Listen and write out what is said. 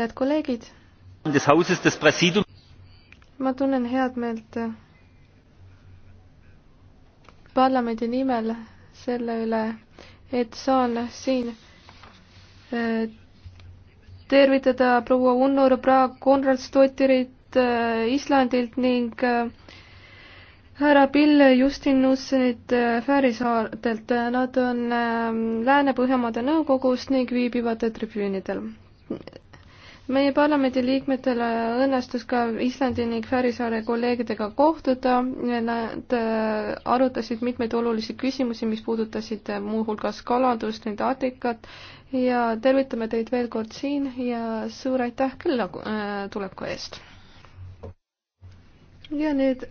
head kolleegid. ma tunnen head meelt äh, parlamendi nimel selle üle, et saan siin äh, tervitada proua Unnur Praag Konrad Stotterit äh, Islandilt ning härra Bill Justinussenit Fääri saartelt. Nad on Lääne-Põhjamaade Nõukogus ning viibivad tribüünidel meie parlamendi liikmetele õnnestus ka Islandi ning Fääri saare kolleegidega kohtuda, nad äh, arutasid mitmeid olulisi küsimusi, mis puudutasid äh, muuhulgas kalandust, nende atikat ja tervitame teid veel kord siin ja suur aitäh külla äh, tuleku eest. ja nüüd